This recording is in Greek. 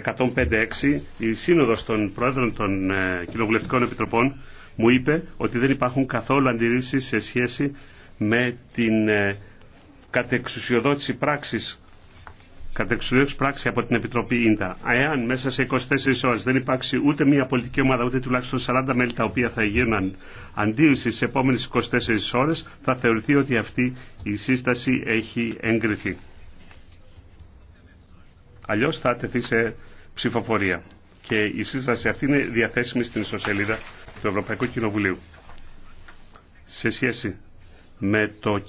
105 η σύνοδος των πρόεδρων των ε, κοινοβουλευτικών επιτροπών μου είπε ότι δεν υπάρχουν καθόλου αντιρρήσεις σε σχέση με την ε, κατεξουσιοδότηση πράξης κατεξουσιοδότηση πράξη από την Επιτροπή Ίντα. Εάν μέσα σε 24 ώρες δεν υπάρξει ούτε μια πολιτική ομάδα ούτε τουλάχιστον 40 μέλη τα οποία θα γίνουν αντίρρηση στις επόμενες 24 ώρες θα θεωρηθεί ότι αυτή η σύσταση έχει εγκριθεί. Αλλιώ θα τεθεί σε ψηφοφορία. Και η σύσταση αυτή είναι διαθέσιμη στην ιστοσελίδα του Ευρωπαϊκού Κοινοβουλίου. Σε σχέση με το